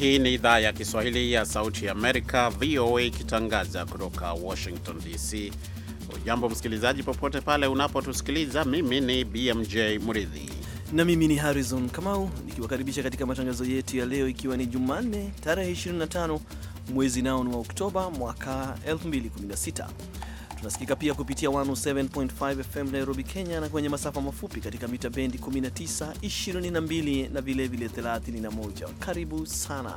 Hii ni idhaa ya Kiswahili ya Sauti ya Amerika, VOA, ikitangaza kutoka Washington DC. Ujambo msikilizaji, popote pale unapotusikiliza. Mimi ni BMJ mridhi na mimi ni Harrison Kamau nikiwakaribisha katika matangazo yetu ya leo, ikiwa ni Jumanne tarehe 25 mwezi nao ni wa Oktoba mwaka 2016. Tunasikika pia kupitia 107.5 FM Nairobi, Kenya, na kwenye masafa mafupi katika mita bendi 19, 22 na vilevile 31. Karibu sana.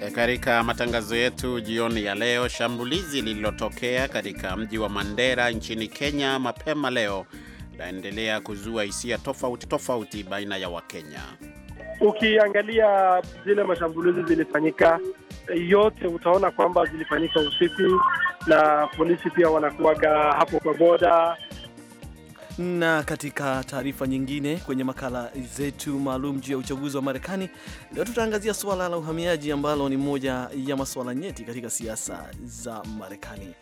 E, katika matangazo yetu jioni ya leo, shambulizi lililotokea katika mji wa Mandera nchini Kenya mapema leo unaendelea kuzua hisia tofauti tofauti baina ya Wakenya. Ukiangalia zile mashambulizi zilifanyika yote, utaona kwamba zilifanyika usiku na polisi pia wanakuaga hapo kwa boda na katika taarifa nyingine kwenye makala zetu maalum juu ya uchaguzi wa Marekani leo, tutaangazia suala la uhamiaji ambalo ni moja ya masuala nyeti katika siasa za Marekani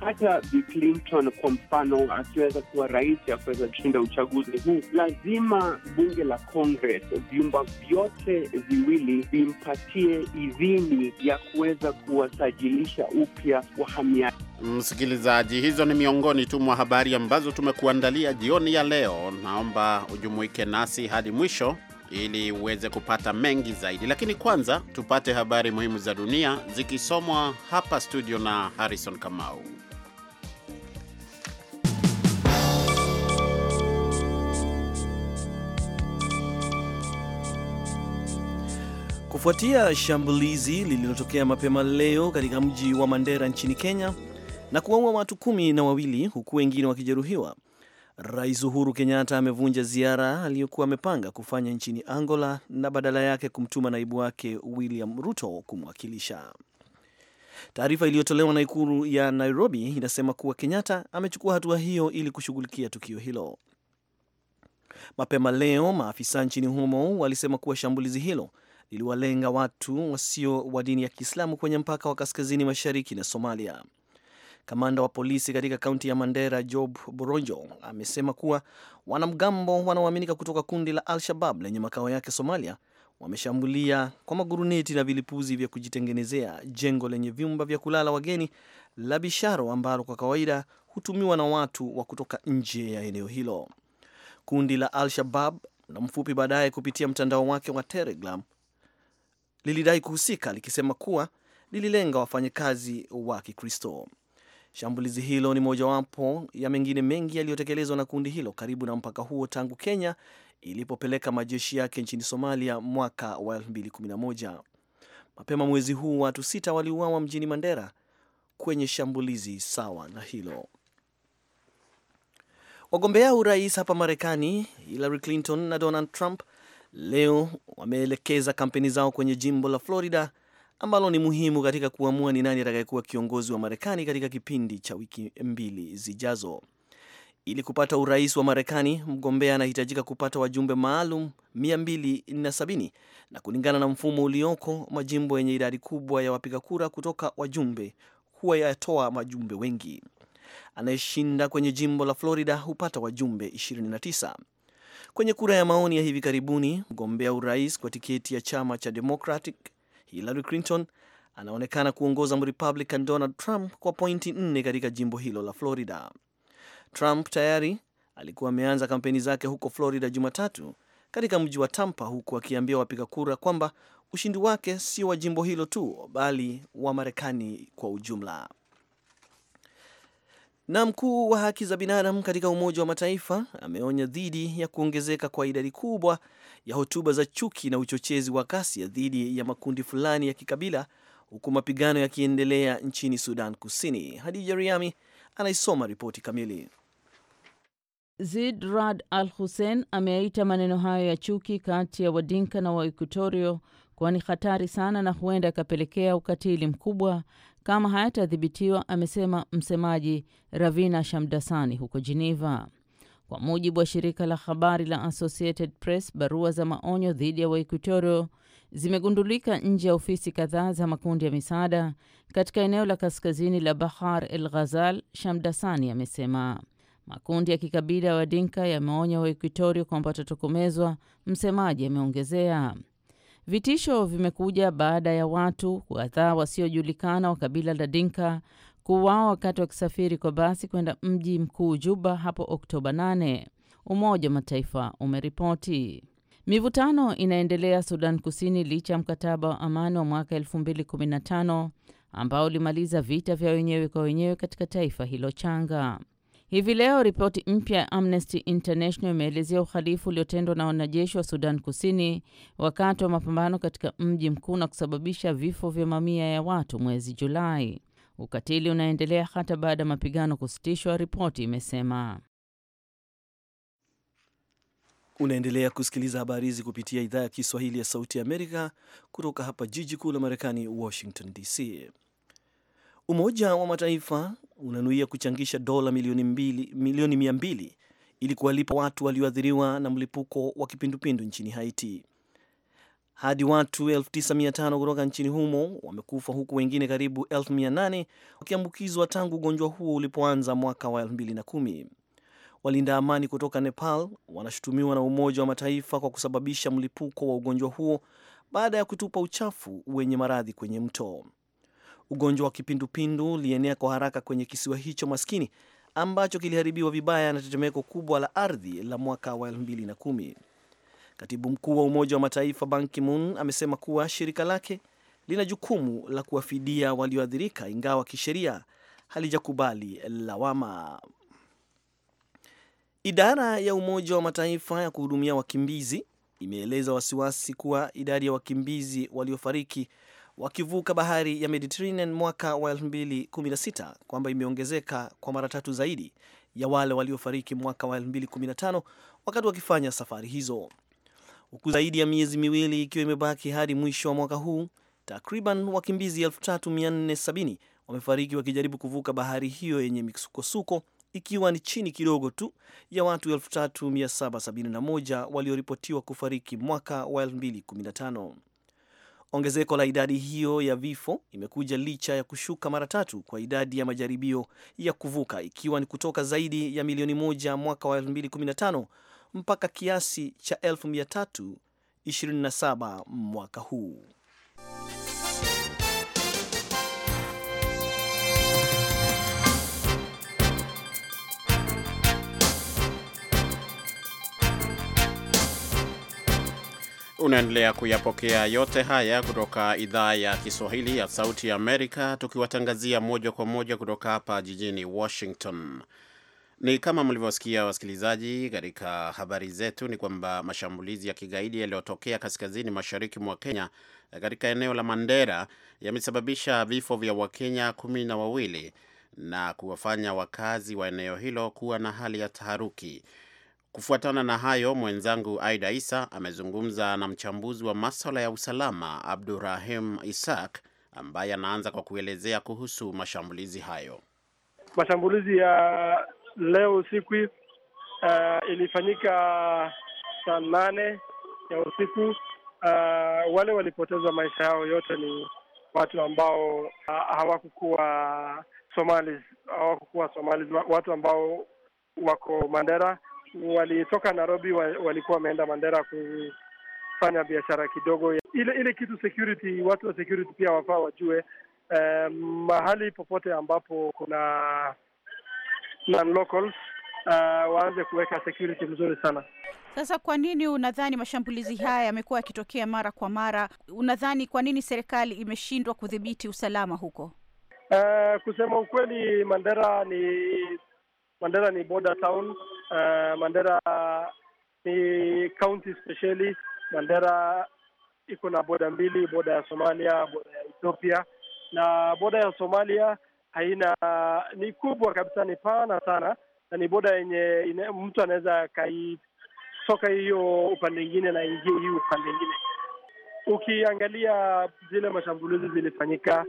hata Bi Clinton kwa mfano akiweza kuwa rais, akuweza kushinda uchaguzi huu, lazima bunge la Congress, vyumba vyote viwili vimpatie idhini ya kuweza kuwasajilisha upya wahamiaji. Msikilizaji, hizo ni miongoni tu mwa habari ambazo tumekuandalia jioni ya leo. Naomba ujumuike nasi hadi mwisho ili uweze kupata mengi zaidi, lakini kwanza tupate habari muhimu za dunia zikisomwa hapa studio na Harrison Kamau. Kufuatia shambulizi lililotokea mapema leo katika mji wa Mandera nchini Kenya na kuwaua watu kumi na wawili huku wengine wakijeruhiwa, Rais Uhuru Kenyatta amevunja ziara aliyokuwa amepanga kufanya nchini Angola na badala yake kumtuma naibu wake William Ruto kumwakilisha. Taarifa iliyotolewa na ikulu ya Nairobi inasema kuwa Kenyatta amechukua hatua hiyo ili kushughulikia tukio hilo. Mapema leo maafisa nchini humo walisema kuwa shambulizi hilo liliwalenga watu wasio wa dini ya Kiislamu kwenye mpaka wa kaskazini mashariki na Somalia. Kamanda wa polisi katika kaunti ya Mandera, Job Boronjo, amesema kuwa wanamgambo wanaoaminika kutoka kundi la Al-Shabab lenye makao yake Somalia wameshambulia kwa maguruneti na vilipuzi vya kujitengenezea jengo lenye vyumba vya kulala wageni la Bisharo ambalo kwa kawaida hutumiwa na watu wa kutoka nje ya eneo hilo. Kundi la Al-Shabab na mfupi baadaye kupitia mtandao wake wa Telegram lilidai kuhusika likisema kuwa lililenga wafanyakazi wa Kikristo. Shambulizi hilo ni mojawapo ya mengine mengi yaliyotekelezwa na kundi hilo karibu na mpaka huo tangu Kenya ilipopeleka majeshi yake nchini Somalia mwaka wa 2011. Mapema mwezi huu watu sita waliuawa mjini Mandera kwenye shambulizi sawa na hilo. Wagombea urais hapa Marekani Hillary Clinton na Donald Trump leo wameelekeza kampeni zao kwenye jimbo la Florida ambalo ni muhimu katika kuamua ni nani atakayekuwa kiongozi wa Marekani katika kipindi cha wiki mbili zijazo. Ili kupata urais wa Marekani, mgombea anahitajika kupata wajumbe maalum 270 na kulingana na mfumo ulioko, majimbo yenye idadi kubwa ya wapiga kura kutoka wajumbe huwa yatoa wajumbe wengi. Anayeshinda kwenye jimbo la Florida hupata wajumbe 29. Kwenye kura ya maoni ya hivi karibuni, mgombea urais kwa tiketi ya chama cha Democratic Hillary Clinton anaonekana kuongoza Mrepublican Donald Trump kwa pointi nne katika jimbo hilo la Florida. Trump tayari alikuwa ameanza kampeni zake huko Florida Jumatatu katika mji wa Tampa, huku akiambia wapiga kura kwamba ushindi wake sio wa jimbo hilo tu, bali wa Marekani kwa ujumla. Na mkuu wa haki za binadamu katika Umoja wa Mataifa ameonya dhidi ya kuongezeka kwa idadi kubwa ya hotuba za chuki na uchochezi wa ghasia dhidi ya makundi fulani ya kikabila huku mapigano yakiendelea nchini Sudan Kusini. Hadija Riami anaisoma ripoti kamili. zidrad Al Hussein ameyaita maneno hayo ya chuki kati ya Wadinka na Waekutorio kuwa ni hatari sana na huenda yakapelekea ukatili mkubwa kama hayatadhibitiwa, amesema msemaji Ravina Shamdasani huko Geneva. Kwa mujibu wa shirika la habari la Associated Press, barua za maonyo dhidi ya Waekwatorio zimegundulika nje ya ofisi kadhaa za makundi ya misaada katika eneo la kaskazini la Bahar el Ghazal. Shamdasani amesema makundi ya kikabila ya Wadinka yameonya waekuitorio kwamba watatokomezwa. Msemaji ameongezea Vitisho vimekuja baada ya watu kadhaa wasiojulikana wa kabila la Dinka kuuawa wakati wakisafiri kwa basi kwenda mji mkuu Juba hapo Oktoba 8, Umoja wa Mataifa umeripoti. Mivutano inaendelea Sudan Kusini licha ya mkataba wa amani wa mwaka 2015 ambao ulimaliza vita vya wenyewe kwa wenyewe katika taifa hilo changa. Hivi leo ripoti mpya ya Amnesty International imeelezea uhalifu uliotendwa na wanajeshi wa Sudan Kusini wakati wa mapambano katika mji mkuu na kusababisha vifo vya mamia ya watu mwezi Julai. Ukatili unaendelea hata baada ya mapigano kusitishwa, ripoti imesema. Unaendelea kusikiliza habari hizi kupitia idhaa ya Kiswahili ya Sauti ya Amerika kutoka hapa jiji kuu la Marekani, Washington DC. Umoja wa Mataifa unanuia kuchangisha dola milioni mbili, milioni mia mbili ili kuwalipa watu walioathiriwa na mlipuko wa kipindupindu nchini Haiti. Hadi watu 95 kutoka nchini humo wamekufa huku wengine karibu 1800 wakiambukizwa tangu ugonjwa huo ulipoanza mwaka wa 2010. Walinda amani kutoka Nepal wanashutumiwa na Umoja wa Mataifa kwa kusababisha mlipuko wa ugonjwa huo baada ya kutupa uchafu wenye maradhi kwenye mto. Ugonjwa wa kipindupindu ulienea kwa haraka kwenye kisiwa hicho maskini ambacho kiliharibiwa vibaya na tetemeko kubwa la ardhi la mwaka wa 2010. Katibu mkuu wa Umoja wa Mataifa Ban Ki-moon amesema kuwa shirika lake lina jukumu la kuwafidia walioathirika, ingawa kisheria halijakubali lawama. Idara ya Umoja wa Mataifa ya kuhudumia wakimbizi imeeleza wasiwasi kuwa idadi ya wakimbizi waliofariki wakivuka bahari ya Mediterranean mwaka wa 2016 kwamba imeongezeka kwa mara tatu zaidi ya wale waliofariki mwaka wa 2015 wakati wakifanya safari hizo, huku zaidi ya miezi miwili ikiwa imebaki hadi mwisho wa mwaka huu. Takriban wakimbizi 3470 wamefariki wakijaribu kuvuka bahari hiyo yenye misukosuko, ikiwa ni chini kidogo tu ya watu 3771 walioripotiwa kufariki mwaka wa 2015. Ongezeko la idadi hiyo ya vifo imekuja licha ya kushuka mara tatu kwa idadi ya majaribio ya kuvuka ikiwa ni kutoka zaidi ya milioni moja mwaka wa 2015 mpaka kiasi cha 327 mwaka huu. Unaendelea kuyapokea yote haya kutoka idhaa ya Kiswahili ya Sauti ya Amerika, tukiwatangazia moja kwa moja kutoka hapa jijini Washington. Ni kama mlivyosikia wasikilizaji, katika habari zetu ni kwamba mashambulizi ya kigaidi yaliyotokea kaskazini mashariki mwa Kenya katika eneo la Mandera yamesababisha vifo vya Wakenya kumi na wawili na kuwafanya wakazi wa eneo hilo kuwa na hali ya taharuki. Kufuatana na hayo, mwenzangu Aida Isa amezungumza na mchambuzi wa maswala ya usalama Abdurahim Isak ambaye anaanza kwa kuelezea kuhusu mashambulizi hayo. Mashambulizi ya leo usiku uh, ilifanyika saa nane ya usiku uh, wale walipoteza maisha yao yote ni watu ambao uh, hawakukuwa Somalis, hawakukuwa Somalis, watu ambao wako Mandera walitoka Nairobi, walikuwa wameenda Mandera kufanya biashara kidogo. Ile ile kitu security, watu wa security pia wafaa wajue um, mahali popote ambapo kuna non-locals uh, eh, waanze kuweka security mzuri sana. Sasa kwa nini unadhani mashambulizi haya yamekuwa yakitokea mara kwa mara? Unadhani kwa nini serikali imeshindwa kudhibiti usalama huko? Uh, kusema ukweli, Mandera ni Mandera ni border town. Uh, Mandera ni county specially. Mandera iko na boda mbili, boda ya Somalia, boda ya Ethiopia, na boda ya Somalia haina ni kubwa kabisa, ni pana sana, na ni boda yenye mtu anaweza akaitoka hiyo upande ingine na ingie hii upande ingine. Ukiangalia zile mashambulizi zilifanyika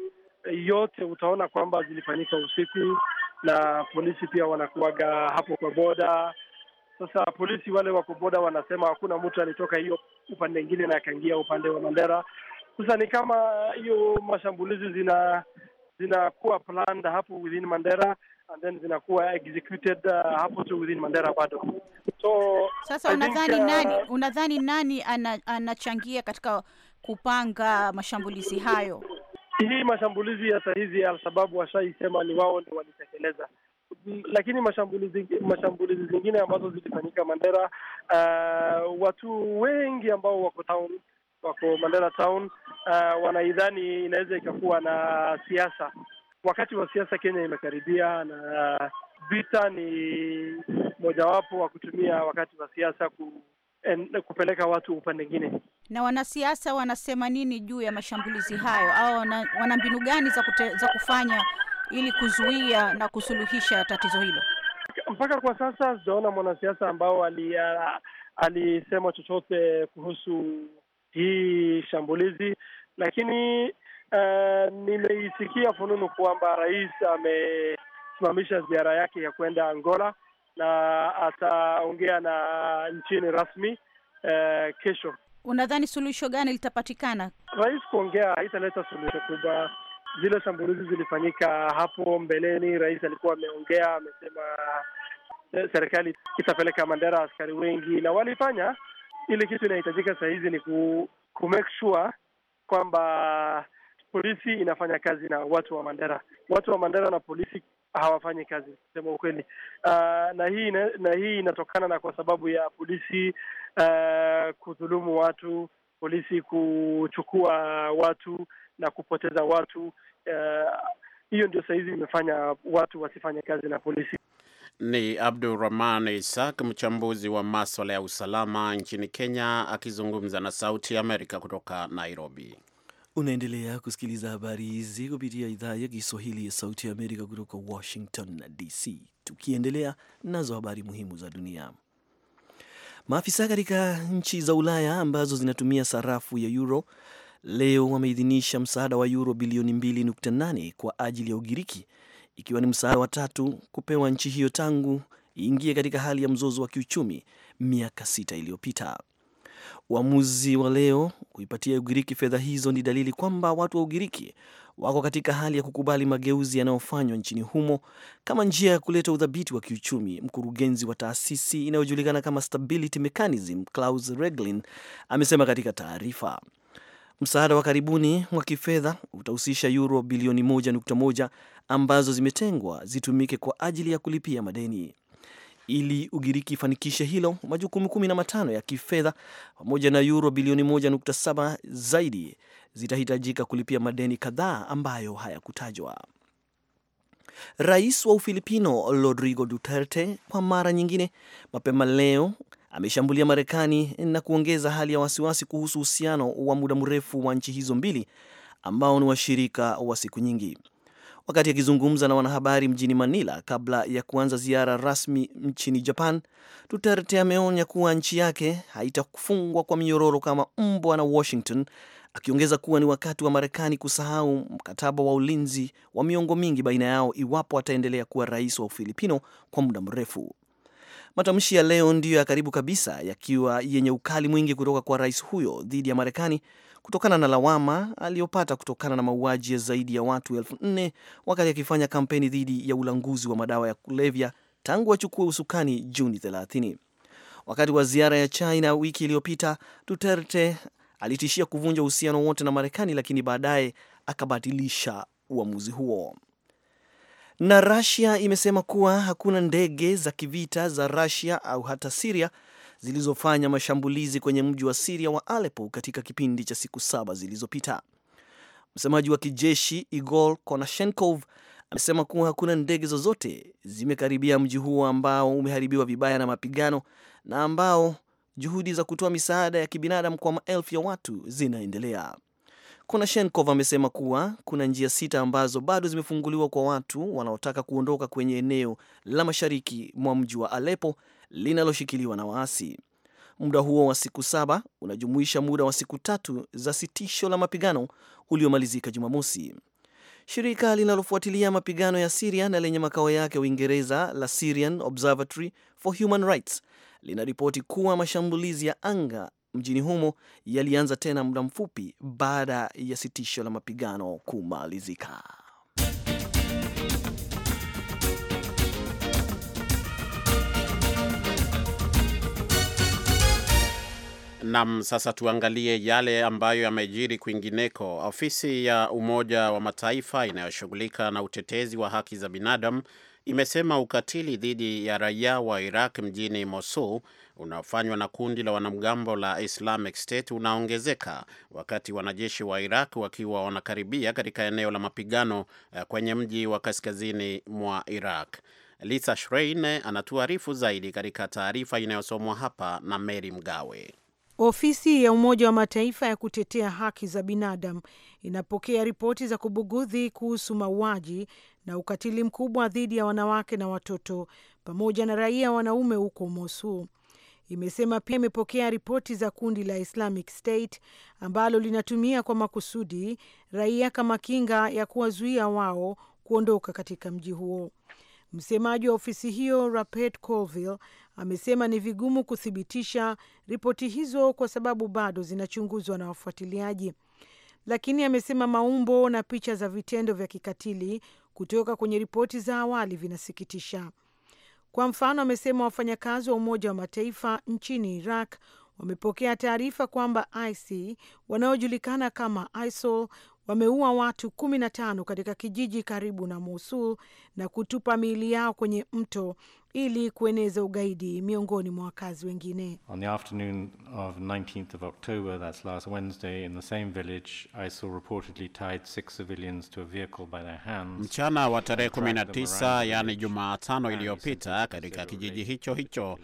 yote, utaona kwamba zilifanyika usiku na polisi pia wanakuaga hapo kwa boda. Sasa polisi wale wako boda wanasema hakuna mtu alitoka hiyo upande ingine na akaingia upande wa Mandera. Sasa ni kama hiyo mashambulizi zina zinakuwa planned hapo within Mandera and then zinakuwa executed uh, hapo tu within Mandera bado. So sasa unadhani uh, nani unadhani nani anachangia ana katika kupanga mashambulizi hayo? Hii mashambulizi ya sahizi ya Alshababu washaisema ni wao ndio walitekeleza, lakini mashambulizi mashambulizi zingine ambazo zilifanyika Mandera, uh, watu wengi ambao wako town wako Mandera town uh, wanaidhani inaweza ikakuwa na siasa. Wakati wa siasa Kenya imekaribia na uh, vita ni mojawapo wa kutumia wakati wa siasa ku en, kupeleka watu upande mwingine. Na wanasiasa wanasema nini juu ya mashambulizi hayo, au wana, wana mbinu gani za, kute, za kufanya ili kuzuia na kusuluhisha tatizo hilo? Mpaka kwa sasa sijaona mwanasiasa ambao ali, chochote kuhusu hii shambulizi, lakini uh, nimeisikia fununu kwamba rais amesimamisha ziara yake ya kwenda Angola na ataongea na nchini rasmi uh, kesho. Unadhani suluhisho gani litapatikana? Rais kuongea haitaleta suluhisho kubwa. Zile shambulizi zilifanyika hapo mbeleni, rais alikuwa ameongea, amesema eh, serikali itapeleka Mandera askari wengi na walifanya. Ile kitu inahitajika saa hizi ni ku, ku make sure kwamba polisi inafanya kazi na watu wa Mandera. Watu wa Mandera na polisi hawafanyi kazi kusema ukweli. Uh, na hii na, hii inatokana na kwa sababu ya polisi uh, kudhulumu watu, polisi kuchukua watu na kupoteza watu. Ah, hiyo uh, ndio sahizi imefanya watu wasifanye kazi na polisi. Ni Abdurahman Isak, mchambuzi wa maswala ya usalama nchini Kenya, akizungumza na Sauti ya Amerika kutoka Nairobi. Unaendelea kusikiliza habari hizi kupitia idhaa ya Kiswahili ya Sauti ya Amerika kutoka Washington DC, tukiendelea nazo habari muhimu za dunia. Maafisa katika nchi za Ulaya ambazo zinatumia sarafu ya euro leo wameidhinisha msaada wa euro bilioni 2.8 kwa ajili ya Ugiriki, ikiwa ni msaada wa tatu kupewa nchi hiyo tangu iingie katika hali ya mzozo wa kiuchumi miaka sita iliyopita. Uamuzi wa leo kuipatia Ugiriki fedha hizo ni dalili kwamba watu wa Ugiriki wako katika hali ya kukubali mageuzi yanayofanywa nchini humo kama njia ya kuleta udhabiti wa kiuchumi. Mkurugenzi wa taasisi inayojulikana kama Stability Mechanism, Klaus Reglin, amesema katika taarifa. Msaada wa karibuni wa kifedha utahusisha euro bilioni 1.1 ambazo zimetengwa zitumike kwa ajili ya kulipia madeni. Ili Ugiriki ifanikishe hilo, majukumu kumi na matano ya kifedha pamoja na yuro bilioni 1.7 zaidi zitahitajika kulipia madeni kadhaa ambayo hayakutajwa. Rais wa Ufilipino Rodrigo Duterte kwa mara nyingine mapema leo ameshambulia Marekani na kuongeza hali ya wasiwasi kuhusu uhusiano wa muda mrefu wa nchi hizo mbili ambao ni washirika wa siku nyingi wakati akizungumza na wanahabari mjini Manila kabla ya kuanza ziara rasmi nchini Japan, Duterte ameonya kuwa nchi yake haitafungwa kwa minyororo kama mbwa na Washington, akiongeza kuwa ni wakati wa Marekani kusahau mkataba wa ulinzi wa miongo mingi baina yao iwapo ataendelea kuwa rais wa Ufilipino kwa muda mrefu. Matamshi ya leo ndiyo ya karibu kabisa yakiwa yenye ukali mwingi kutoka kwa rais huyo dhidi ya Marekani kutokana na lawama aliyopata kutokana na mauaji ya zaidi ya watu elfu nne wakati akifanya kampeni dhidi ya ulanguzi wa madawa ya kulevya tangu achukue usukani Juni 30. Wakati wa ziara ya China wiki iliyopita, Duterte alitishia kuvunja uhusiano wote na Marekani, lakini baadaye akabatilisha uamuzi huo. Na Russia imesema kuwa hakuna ndege za kivita za Russia au hata Syria zilizofanya mashambulizi kwenye mji wa Syria wa Aleppo katika kipindi cha siku saba zilizopita. Msemaji wa kijeshi Igor Konashenkov amesema kuwa hakuna ndege zozote zimekaribia mji huo ambao umeharibiwa vibaya na mapigano na ambao juhudi za kutoa misaada ya kibinadamu kwa maelfu ya watu zinaendelea. Konashenkov amesema kuwa kuna njia sita ambazo bado zimefunguliwa kwa watu wanaotaka kuondoka kwenye eneo la mashariki mwa mji wa Aleppo linaloshikiliwa na waasi. Muda huo wa siku saba unajumuisha muda wa siku tatu za sitisho la mapigano uliomalizika Jumamosi. Shirika linalofuatilia mapigano ya Siria na lenye makao yake Uingereza la Syrian Observatory for Human Rights linaripoti kuwa mashambulizi ya anga mjini humo yalianza tena muda mfupi baada ya sitisho la mapigano kumalizika. Nam, sasa tuangalie yale ambayo yamejiri kwingineko. Ofisi ya Umoja wa Mataifa inayoshughulika na utetezi wa haki za binadamu imesema ukatili dhidi ya raia wa Iraq mjini Mosul unaofanywa na kundi la wanamgambo la Islamic State unaongezeka wakati wanajeshi wa Iraq wakiwa wanakaribia katika eneo la mapigano eh, kwenye mji wa kaskazini mwa Iraq. Lisa Shrein eh, anatuarifu zaidi katika taarifa inayosomwa hapa na Mary Mgawe. Ofisi ya Umoja wa Mataifa ya kutetea haki za binadamu inapokea ripoti za kubugudhi kuhusu mauaji na ukatili mkubwa dhidi ya wanawake na watoto pamoja na raia wanaume huko Mosul. Imesema pia imepokea ripoti za kundi la Islamic State ambalo linatumia kwa makusudi raia kama kinga ya kuwazuia wao kuondoka katika mji huo. Msemaji wa ofisi hiyo Rapet Colville amesema ni vigumu kuthibitisha ripoti hizo kwa sababu bado zinachunguzwa na wafuatiliaji, lakini amesema maumbo na picha za vitendo vya kikatili kutoka kwenye ripoti za awali vinasikitisha. Kwa mfano, amesema wafanyakazi wa Umoja wa Mataifa nchini Iraq wamepokea taarifa kwamba IC wanaojulikana kama ISIL wameua watu 15 katika kijiji karibu na Mosul na kutupa miili yao kwenye mto ili kueneza ugaidi miongoni mwa wakazi wengine. On the afternoon of 19th of October, that's last Wednesday, in the same village, ISIL reportedly tied six civilians to a vehicle by their hands. Mchana wa tarehe 19, yaani Jumatano iliyopita, katika kijiji hicho hicho,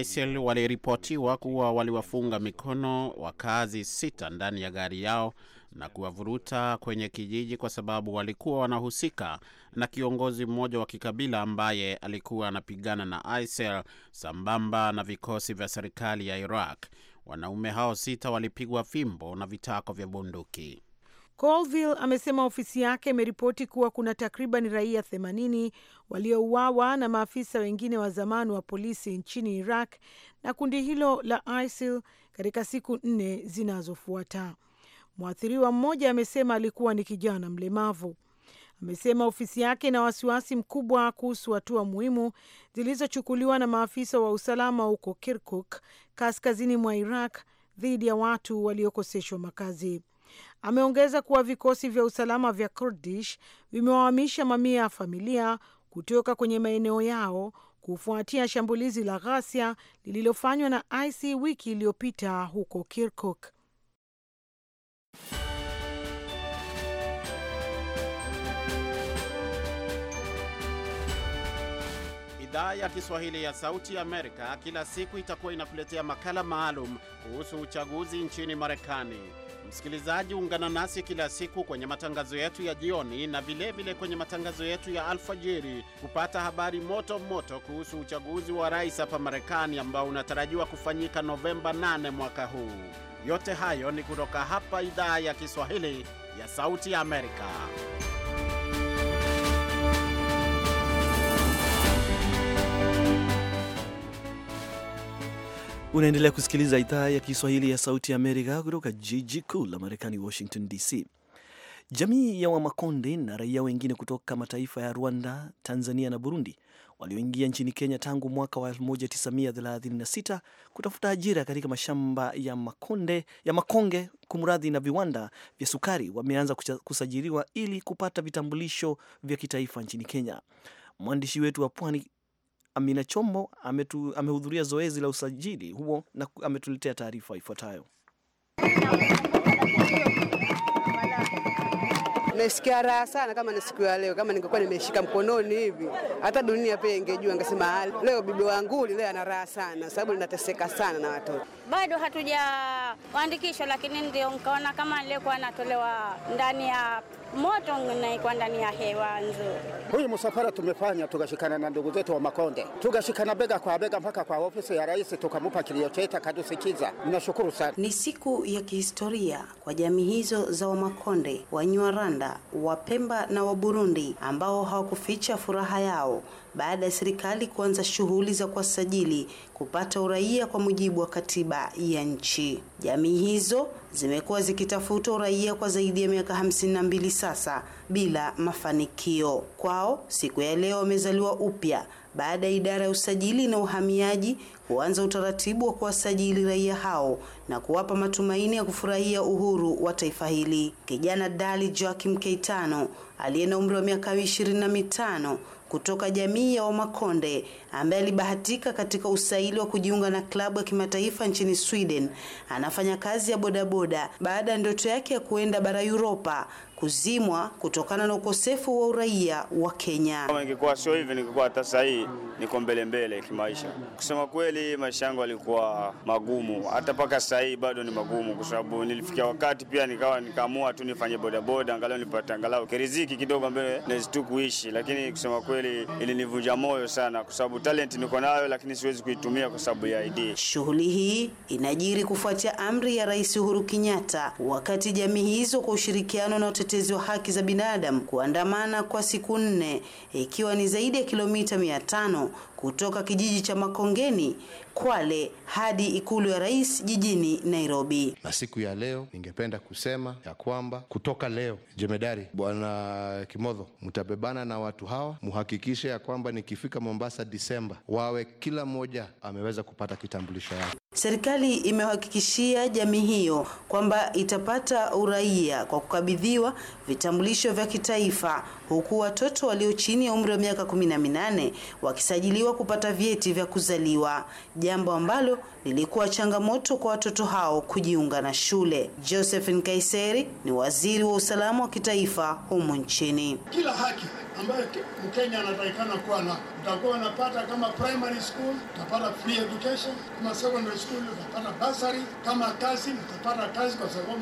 ISIL waliripotiwa kuwa waliwafunga mikono wakazi sita ndani ya gari yao na kuwavuruta kwenye kijiji kwa sababu walikuwa wanahusika na kiongozi mmoja wa kikabila ambaye alikuwa anapigana na ISIL sambamba na vikosi vya serikali ya Iraq. Wanaume hao sita walipigwa fimbo na vitako vya bunduki. Colville amesema ofisi yake imeripoti kuwa kuna takriban raia 80 waliouawa na maafisa wengine wa zamani wa polisi nchini Iraq na kundi hilo la ISIL katika siku nne zinazofuata. Mwathiriwa mmoja amesema alikuwa ni kijana mlemavu. Amesema ofisi yake ina wasiwasi mkubwa kuhusu hatua muhimu zilizochukuliwa na maafisa wa usalama huko Kirkuk, kaskazini mwa Iraq, dhidi ya watu waliokoseshwa makazi. Ameongeza kuwa vikosi vya usalama vya Kurdish vimewahamisha mamia ya familia kutoka kwenye maeneo yao kufuatia shambulizi la ghasia lililofanywa na IC wiki iliyopita huko Kirkuk. Idhaa ya Kiswahili ya Sauti ya Amerika kila siku itakuwa inakuletea makala maalum kuhusu uchaguzi nchini Marekani. Msikilizaji, ungana nasi kila siku kwenye matangazo yetu ya jioni na vilevile vile kwenye matangazo yetu ya alfajiri kupata habari moto moto kuhusu uchaguzi wa rais hapa Marekani ambao unatarajiwa kufanyika Novemba 8 mwaka huu. Yote hayo ni kutoka hapa idhaa ya Kiswahili ya Sauti ya Amerika. Unaendelea kusikiliza idhaa ya Kiswahili ya Sauti ya Amerika kutoka jiji kuu la Marekani, Washington DC. Jamii ya Wamakonde na raia wengine kutoka mataifa ya Rwanda, Tanzania na Burundi walioingia nchini Kenya tangu mwaka wa 1936 kutafuta ajira katika mashamba ya makonde, ya makonge kumradhi, na viwanda vya sukari wameanza kusajiliwa ili kupata vitambulisho vya kitaifa nchini Kenya. Mwandishi wetu wa pwani Amina Chombo amehudhuria zoezi la usajili huo na ametuletea taarifa ifuatayo. Nasikia raha sana kama na siku ya leo, kama ningekuwa nimeshika mkononi hivi, hata dunia pia ingejua, ngasema ah, leo bibi wangu leo ana raha sana, sababu ninateseka sana na watoto. Bado hatujaandikishwa, lakini ndio nkaona kama nilikuwa natolewa ndani ya moto unaikuwa ndani ya hewa nzuri. Huyu msafara tumefanya tukashikana na ndugu zetu wa Makonde, tukashikana bega kwa bega mpaka kwa ofisi ya rais, tukamupa kilio cheta akatusikiza. Nashukuru sana. Ni siku ya kihistoria kwa jamii hizo za Wamakonde, Wanyarwanda, Wapemba na Waburundi ambao hawakuficha furaha yao baada ya serikali kuanza shughuli za kuwasajili kupata uraia kwa mujibu wa katiba ya nchi. Jamii hizo zimekuwa zikitafuta uraia kwa zaidi ya miaka hamsini na mbili sasa bila mafanikio. Kwao siku ya leo wamezaliwa upya baada ya idara ya usajili na uhamiaji kuanza utaratibu wa kuwasajili raia hao na kuwapa matumaini ya kufurahia uhuru wa taifa hili. Kijana Dali Joakim Keitano aliye na umri wa miaka ishirini na mitano kutoka jamii ya Wamakonde ambaye alibahatika katika usaili wa kujiunga na klabu ya kimataifa nchini Sweden. Anafanya kazi ya bodaboda baada ya ndoto yake ya kuenda bara Europa kuzimwa kutokana na ukosefu wa uraia wa Kenya. Kama ingekuwa sio hivi, ningekuwa hata sasa hii niko mbele mbele kimaisha. Kusema kweli, maisha yangu yalikuwa magumu, hata mpaka sasa hii bado ni magumu, kwa sababu nilifikia wakati pia nikawa nikaamua tu nifanye bodaboda, angalau nipate angalau kiriziki kidogo mbele naweza tu kuishi, lakini kusema kweli ilinivunja moyo sana, kwa sababu talent niko nayo, lakini siwezi kuitumia kwa sababu ya ID. Shughuli hii inajiri kufuatia amri ya Rais Uhuru Kenyatta, wakati jamii hizo kwa ushirikiano na watetezi wa haki za binadamu kuandamana kwa siku nne ikiwa ni zaidi ya kilomita mia tano kutoka kijiji cha Makongeni Kwale hadi ikulu ya rais jijini Nairobi. Na siku ya leo ningependa kusema ya kwamba kutoka leo, jemedari bwana Kimodho, mtabebana na watu hawa, muhakikishe ya kwamba nikifika Mombasa Disemba, wawe kila mmoja ameweza kupata kitambulisho yake. Serikali imehakikishia jamii hiyo kwamba itapata uraia kwa kukabidhiwa vitambulisho vya kitaifa huku watoto walio chini ya umri wa miaka 18 wakisajiliwa kupata vyeti vya kuzaliwa, jambo ambalo lilikuwa changamoto kwa watoto hao kujiunga na shule. Josephine kaiseri ni waziri wa usalama wa kitaifa humu nchini. Kila haki ambayo Mkenya anatakikana kuwa na. Utakuwa unapata kama primary school utapata free education, kama secondary school utapata bursary, kama kazi utapata kazi, kwa sababu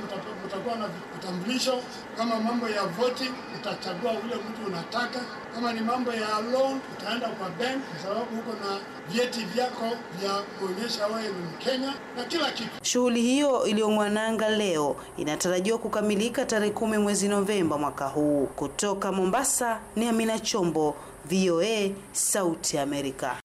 utakuwa na vitambulisho. Kama mambo ya voting, utachagua ule mtu unataka. Kama ni mambo ya loan, utaenda kwa bank, kwa sababu huko na vyeti vyako vya kuonyesha wewe ni Mkenya na kila kitu. Shughuli hiyo iliyong'wananga leo inatarajiwa kukamilika tarehe kumi mwezi Novemba mwaka huu. Kutoka Mombasa ni ni Amina Chombo, VOA, Sauti Amerika.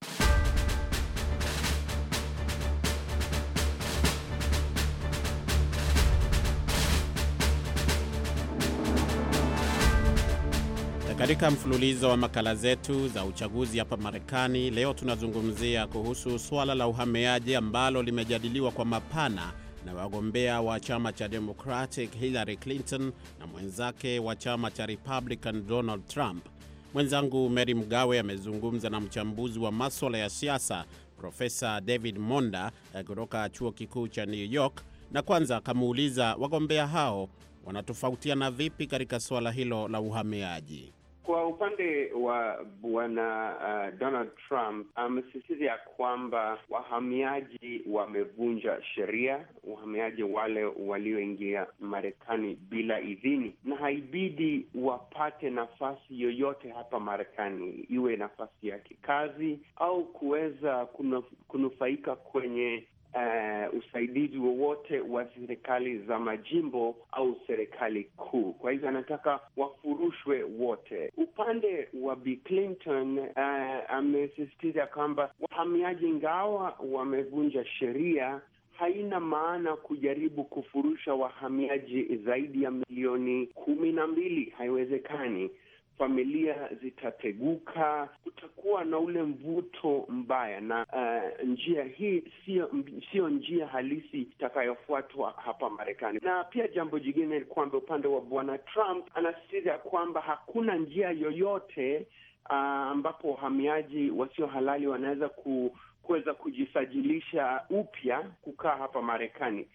Katika mfululizo wa makala zetu za uchaguzi hapa Marekani, leo tunazungumzia kuhusu suala la uhamiaji ambalo limejadiliwa kwa mapana na wagombea wa chama cha Democratic Hillary Clinton na mwenzake wa chama cha Republican Donald Trump. Mwenzangu Mary Mgawe amezungumza na mchambuzi wa maswala ya siasa Profesa David Monda eh, kutoka chuo kikuu cha New York, na kwanza akamuuliza wagombea hao wanatofautiana vipi katika suala hilo la uhamiaji. Kwa upande wa bwana uh, Donald Trump amesisitiza ya kwamba wahamiaji wamevunja sheria, wahamiaji wale walioingia Marekani bila idhini, na haibidi wapate nafasi yoyote hapa Marekani, iwe nafasi ya kikazi au kuweza kunufaika kwenye uh, usaidizi wowote wa serikali za majimbo au serikali kuu. Kwa hivyo anataka wafurushwe wote. Upande wa Bi Clinton uh, amesisitiza kwamba wahamiaji, ingawa wamevunja sheria haina maana kujaribu kufurusha wahamiaji zaidi ya milioni kumi na mbili, haiwezekani familia zitateguka, kutakuwa na ule mvuto mbaya, na uh, njia hii siyo, sio njia halisi itakayofuatwa hapa Marekani. Na pia jambo jingine ni kwamba upande wa bwana Trump anasisitiza kwamba hakuna njia yoyote uh, ambapo wahamiaji wasio halali wanaweza ku, kuweza kujisajilisha upya kukaa hapa Marekani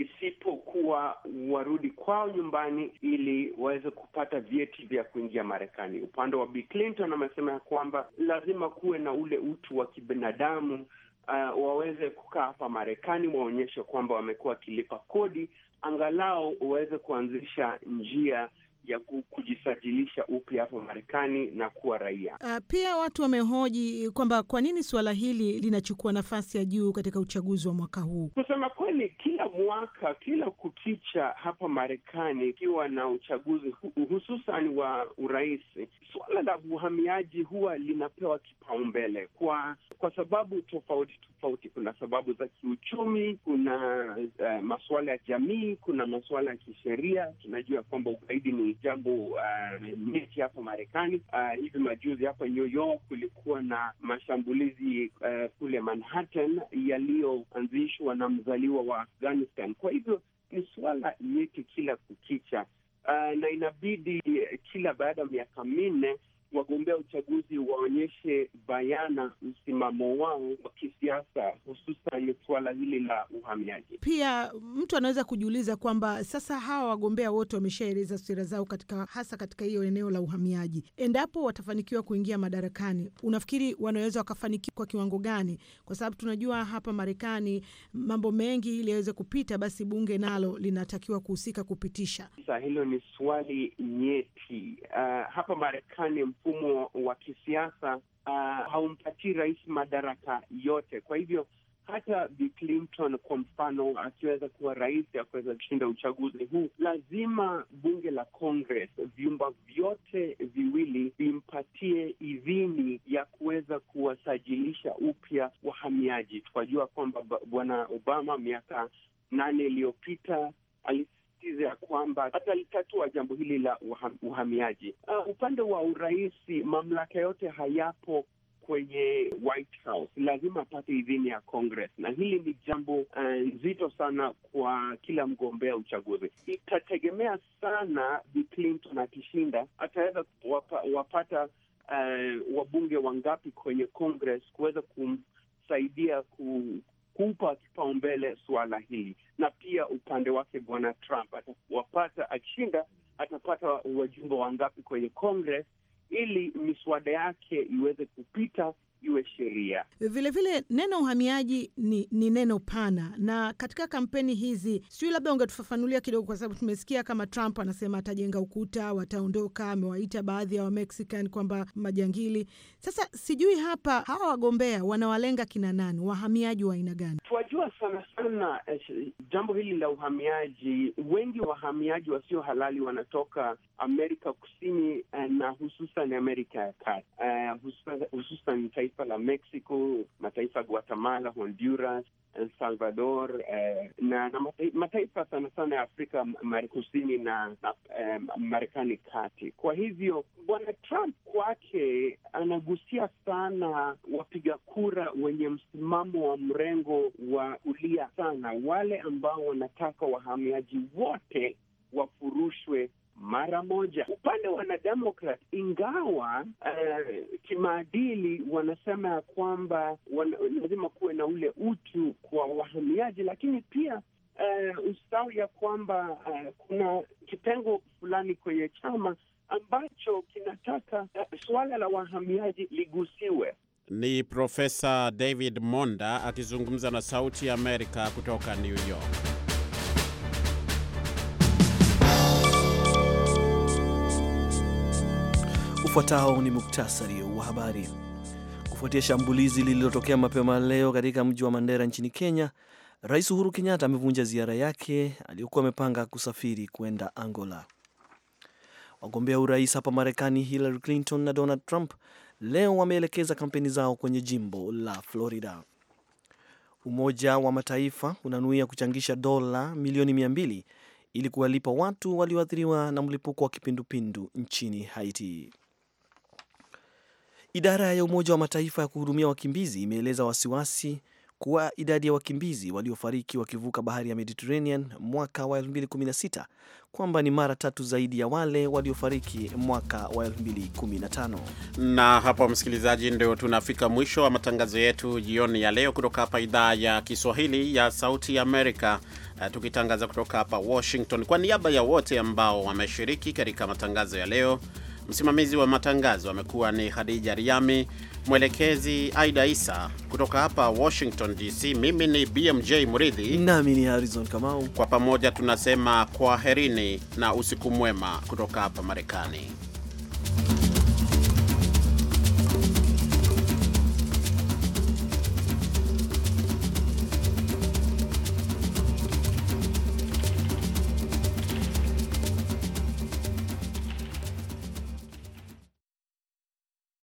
isipokuwa warudi kwao nyumbani ili waweze kupata vyeti vya kuingia Marekani. Upande wa Bi Clinton amesema ya kwamba lazima kuwe na ule utu wa kibinadamu, uh, waweze kukaa hapa Marekani, waonyeshe kwamba wamekuwa wakilipa kodi, angalau waweze kuanzisha njia ya kujisajilisha upya hapo Marekani na kuwa raia. Ah, pia watu wamehoji kwamba kwa nini suala hili linachukua nafasi ya juu katika uchaguzi wa mwaka huu. Kusema kweli, kila mwaka, kila kukicha hapa Marekani ikiwa na uchaguzi hususan wa urais, suala la uhamiaji huwa linapewa kipaumbele kwa kwa sababu tofauti tofauti. Kuna sababu za kiuchumi, kuna uh, masuala ya jamii, kuna masuala ya kisheria. Tunajua kwamba ugaidi ni mechi uh, hapo hapa Marekani. Uh, hivi majuzi hapa New York kulikuwa na mashambulizi uh, kule Manhattan yaliyoanzishwa na mzaliwa wa Afghanistan. Kwa hivyo ni suala yetu kila kukicha, uh, na inabidi kila baada ya miaka minne wagombea uchaguzi waonyeshe bayana msimamo wao wa kisiasa, hususan suala hili la uhamiaji. Pia mtu anaweza kujiuliza kwamba sasa hawa wagombea wote wameshaeleza sera zao katika, hasa katika hiyo eneo la uhamiaji. Endapo watafanikiwa kuingia madarakani, unafikiri wanaweza wakafanikiwa kwa kiwango gani? Kwa sababu tunajua hapa Marekani mambo mengi ili yaweze kupita, basi bunge nalo linatakiwa kuhusika kupitisha. Sasa hilo ni swali nyeti. Uh, hapa Marekani mfumo wa kisiasa uh, haumpatii rais madaraka yote. Kwa hivyo hata Bi Clinton kwa mfano akiweza kuwa rais, akuweza kushinda uchaguzi huu, lazima bunge la Congress, vyumba vyote viwili vimpatie idhini ya kuweza kuwasajilisha upya wahamiaji. tukajua kwamba bwana Obama miaka nane iliyopita ya kwamba atalitatua jambo hili la uham, uhamiaji. Uh, upande wa urais mamlaka yote hayapo kwenye White House, lazima apate idhini ya Congress, na hili ni jambo uh, nzito uh, sana kwa kila mgombea uchaguzi. Itategemea sana Bi Clinton akishinda, ataweza wapa, wapata uh, wabunge wangapi kwenye Congress kuweza kumsaidia ku, kumpa kipaumbele suala hili, na pia upande wake bwana Trump atawapata, akishinda atapata wajumbe wangapi kwenye Congress ili miswada yake iweze kupita iwe sheria. Vilevile neno uhamiaji ni, ni neno pana, na katika kampeni hizi sijui, labda ungetufafanulia kidogo, kwa sababu tumesikia kama Trump anasema atajenga ukuta, wataondoka. Amewaita baadhi ya Wamexican kwamba majangili. Sasa sijui hapa hawa wagombea wanawalenga kina nani, wahamiaji wa aina gani? Tuwajua sana sana eh, jambo hili la uhamiaji. Wengi wahamiaji wasio halali wanatoka Amerika Kusini eh, na hususan Amerika ya Kati, eh, hususan, hususan taifa la Mexico, mataifa Guatemala, Honduras, El Salvador eh, na, na mataifa sana sana ya Afrika Kusini na, na eh, Marekani kati. Kwa hivyo bwana Trump kwake anagusia sana wapiga kura wenye msimamo wa mrengo wa kulia sana, wale ambao wanataka wahamiaji wote wafurushwe mara moja. Upande wa wanademokrat, ingawa uh, kimaadili wanasema ya kwamba lazima kuwe na ule utu kwa wahamiaji, lakini pia uh, ustawi ya kwamba uh, kuna kitengo fulani kwenye chama ambacho kinataka uh, suala la wahamiaji ligusiwe. Ni Profesa David Monda akizungumza na Sauti ya Amerika kutoka New York. Ufuatao ni muktasari wa habari. Kufuatia shambulizi lililotokea mapema leo katika mji wa Mandera nchini Kenya, Rais Uhuru Kenyatta amevunja ziara yake aliyokuwa amepanga kusafiri kwenda Angola. Wagombea urais hapa Marekani Hillary Clinton na Donald Trump leo wameelekeza kampeni zao kwenye jimbo la Florida. Umoja wa Mataifa unanuia kuchangisha dola milioni mia mbili ili kuwalipa watu walioathiriwa na mlipuko wa kipindupindu nchini Haiti. Idara ya Umoja wa Mataifa ya kuhudumia wakimbizi imeeleza wasiwasi kuwa idadi ya wakimbizi waliofariki wakivuka bahari ya Mediterranean mwaka wa 2016 kwamba ni mara tatu zaidi ya wale waliofariki mwaka wa 2015. Na hapa, msikilizaji, ndio tunafika mwisho wa matangazo yetu jioni ya leo kutoka hapa idhaa ya Kiswahili ya Sauti Amerika, eh, tukitangaza kutoka hapa Washington. Kwa niaba ya wote ambao wameshiriki katika matangazo ya leo Msimamizi wa matangazo amekuwa ni Khadija Riami, mwelekezi Aida Isa. Kutoka hapa Washington DC, mimi ni BMJ Muridhi nami ni Harrison Kamau. Kwa pamoja tunasema kwaherini na usiku mwema kutoka hapa Marekani.